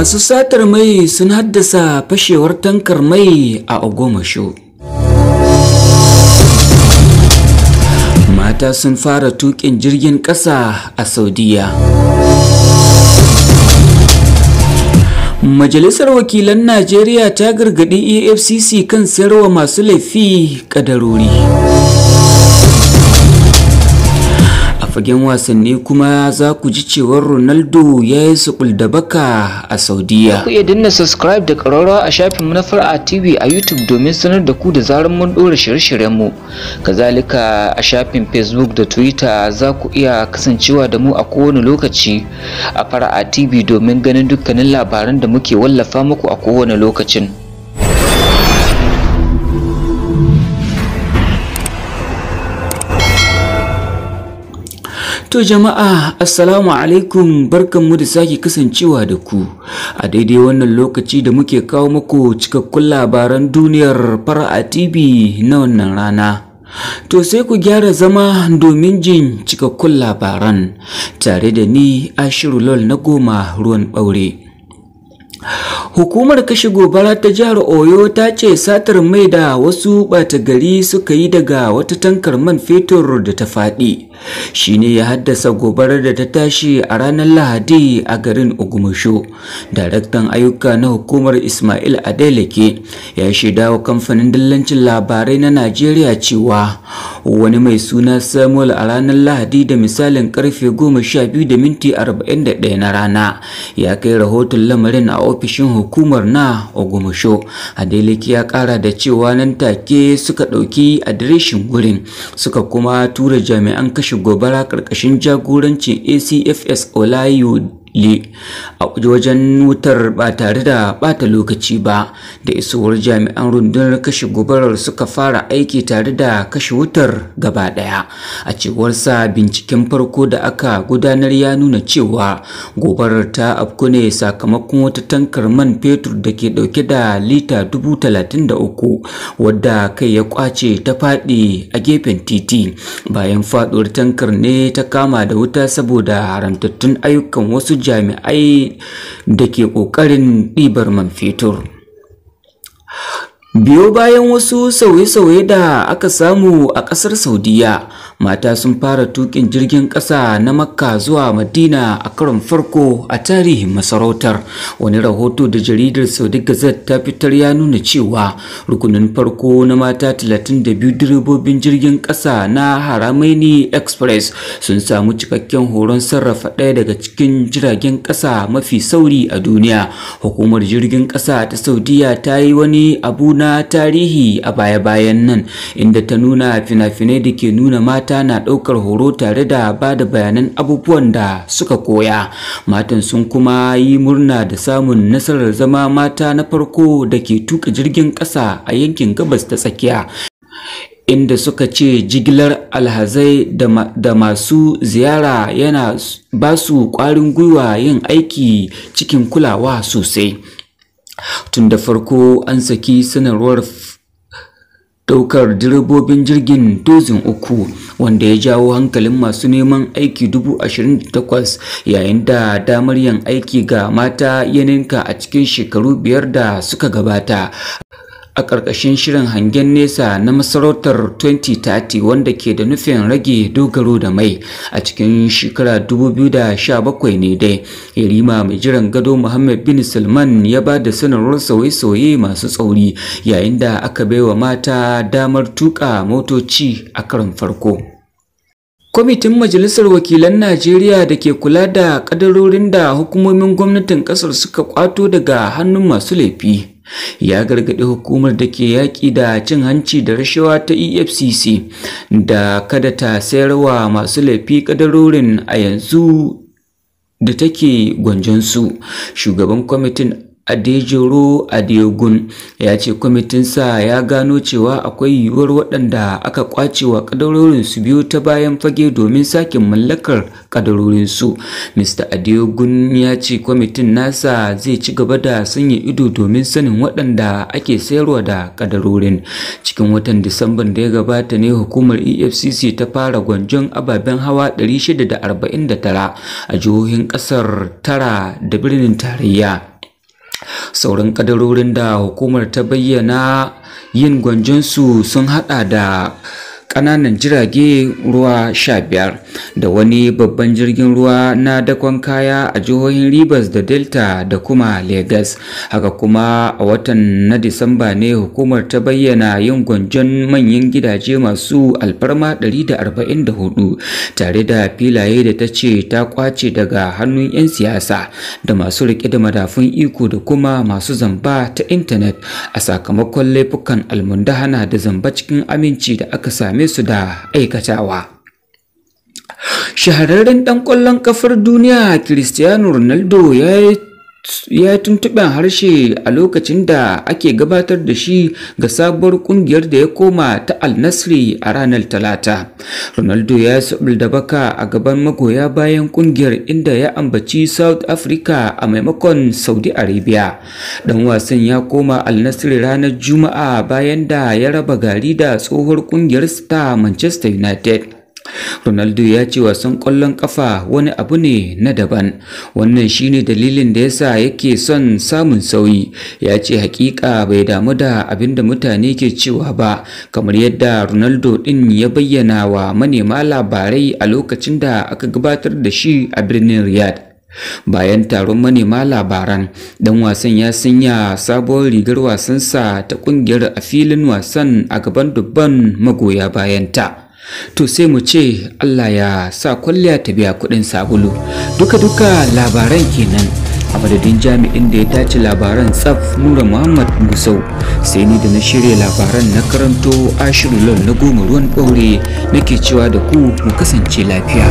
masu satar mai sun haddasa fashewar tankar mai a ogomasho mata sun fara tukin jirgin ƙasa a saudiya majalisar wakilan najeriya ta gargaɗi efcc kan sayarwa masu laifi ƙadarori fagen wasanni kuma za ku ji cewar ronaldo ya yi sukul da baka a saudiya ku iya dinna subscribe da ƙararrawa a shafin mu na fara tv a youtube domin sanar da ku da zarar mun ɗora shirye-shiryen mu kazalika a shafin facebook da twitter za ku iya kasancewa da mu a kowane lokaci a fara tv domin ganin dukkanin labaran da muke wallafa muku a kowane lokacin To jama'a assalamu alaikum barkanmu da sake kasancewa da ku a daidai wannan lokaci da muke kawo muku cikakkun labaran duniyar fara TV na wannan rana. To sai ku gyara zama domin jin cikakkun labaran tare da ni Ashiru Lol na goma ruwan ɓaure. Hukumar kashe gobara ta jihar Oyo ta ce satar mai da wasu ɓata gari suka yi daga wata tankar man fetur da ta faɗi. Shi ne ya haddasa gobarar da ta tashi a ranar Lahadi a garin Ogumusho. Daraktan ayyuka na hukumar Ismail Adeleke ya shaida wa kamfanin dillancin labarai na Najeriya cewa wani mai suna Samuel a ranar Lahadi da misalin karfe 12 da minti ɗaya na rana ya kai rahoton lamarin a ofishin hukumar na ogumusho adeleki ya kara da cewa nan take suka ɗauki adireshin gurin suka kuma tura jami'an kashe gobara karkashin jagorancin acfs olayo li a wajen wutar ba tare da bata lokaci ba da isuwar jami'an rundunar kashe gobarar suka fara aiki tare da kashe wutar gaba daya a cewar sa binciken farko da aka gudanar ya nuna cewa gobarar ta afku ne sakamakon wata tankar man fetur da ke dauke da lita dubu talatin da uku wadda kai ya kwace ta fadi a gefen titi bayan faɗuwar tankar ne ta kama da wuta saboda haramtattun ayyukan wasu jami'ai da ke ƙoƙarin ɗibar man fetur biyo bayan wasu sauye-sauye da aka samu a ƙasar saudiya mata sun fara tukin jirgin ƙasa na makka zuwa madina a karon farko a tarihin masarautar wani rahoto da jaridar saudi gazette ta fitar ya nuna cewa rukunin farko na mata 32 direbobin jirgin ƙasa na haramaini express sun samu cikakken horon sarrafa ɗaya daga cikin jiragen ƙasa mafi sauri a duniya hukumar jirgin ƙasa ta saudiya ta yi wani abu na na tarihi a baya-bayan nan inda ta nuna fina-finai da ke nuna mata na ɗaukar horo tare da ba da bayanan abubuwan da suka koya matan sun kuma yi murna da samun nasarar zama mata na farko da ke tuka jirgin ƙasa a yankin gabas ta tsakiya inda suka ce jigilar alhazai da masu ziyara yana ba su ƙwarin gwiwa yin aiki cikin kulawa sosai tun da farko an saki sanarwar daukar direbobin jirgin dozin uku wanda ya jawo hankalin masu neman aiki dubu ashirin yayin da damar yin aiki ga mata ya a cikin shekaru biyar da suka gabata a ƙarƙashin shirin hangen nesa na masarautar 2030 wanda ke da nufin rage dogaro da mai a cikin shekara 2017 ne dai yarima mai jiran gado muhammad bin salman ya ba da sanarwar sauye-sauye masu tsauri yayin da aka baiwa mata damar tuƙa motoci a karin farko Kwamitin Majalisar Wakilan Najeriya da ke kula da ƙaddarorin da hukumomin gwamnatin ƙasar suka kwato daga hannun masu laifi ya gargaɗi hukumar da ke yaƙi da cin hanci da rashawa ta efcc da kada ta sayarwa masu laifi kadarorin a yanzu da take gwanjansu shugaban kwamitin Adejiro adegun ya ce kwamitin sa ya gano cewa akwai yiwuwar waɗanda aka kwace wa kadarorin su biyu ta bayan fage domin sake mallakar su Mr. adegun ya ce kwamitin nasa zai ci gaba da sanya ido domin sanin waɗanda ake sayarwa da kadarorin. Cikin watan Disamban da ya gabata ne hukumar EFCC ta fara gwanjon ababen hawa 649 a jihohin ƙasar tara da birnin tarayya. sauran kadarorin da hukumar ta bayyana yin gwanjansu sun hada da ƙananan jirage ruwa 15 da wani babban jirgin ruwa na dakon kaya a jihohin Rivers da Delta da kuma Lagos. Haka kuma a watan na Disamba ne hukumar ta bayyana yin gwanjon manyan gidaje masu alfarma 144 tare da filaye da ta ce ta kwace daga hannun 'yan siyasa da masu riƙe da madafun iko da kuma masu zamba ta intanet a sakamakon laifukan almundahana da zamba cikin aminci da aka sami same su da aikatawa. shahararren ɗan ƙwallon kafar duniya cristiano ronaldo ya yi ya tuntuɓen harshe a lokacin da ake gabatar da shi ga sabuwar ƙungiyar da ya koma ta al a ranar talata ronaldo ya sabul da baka a gaban magoya bayan ƙungiyar inda ya ambaci south africa a maimakon saudi arabia dan wasan ya koma al nasri ranar juma'a bayan da ya raba gari da tsohuwar ƙungiyar ta manchester united Ronaldo ya ce wasan ƙwallon ƙafa wani abu ne na daban wannan shine dalilin da yasa yake son samun sauyi ya ce hakika bai damu da abinda mutane ke cewa ba kamar yadda Ronaldo ɗin ya bayyana wa manema labarai a lokacin da aka gabatar da shi a birnin Riyadh bayan taron manema labaran dan wasan ya sanya sabuwar rigar wasansa ta ƙungiyar a filin wasan a gaban dubban magoya bayanta to sai mu ce Allah ya sa kwalliya ta biya kudin sabulu duka-duka labaran kenan a madadin jami'in da ya tace labaran tsaf nura muhammad musau sai ni da na shirya labaran na karanto ashirin na goma ruwan ɗaure nake cewa da ku mu kasance lafiya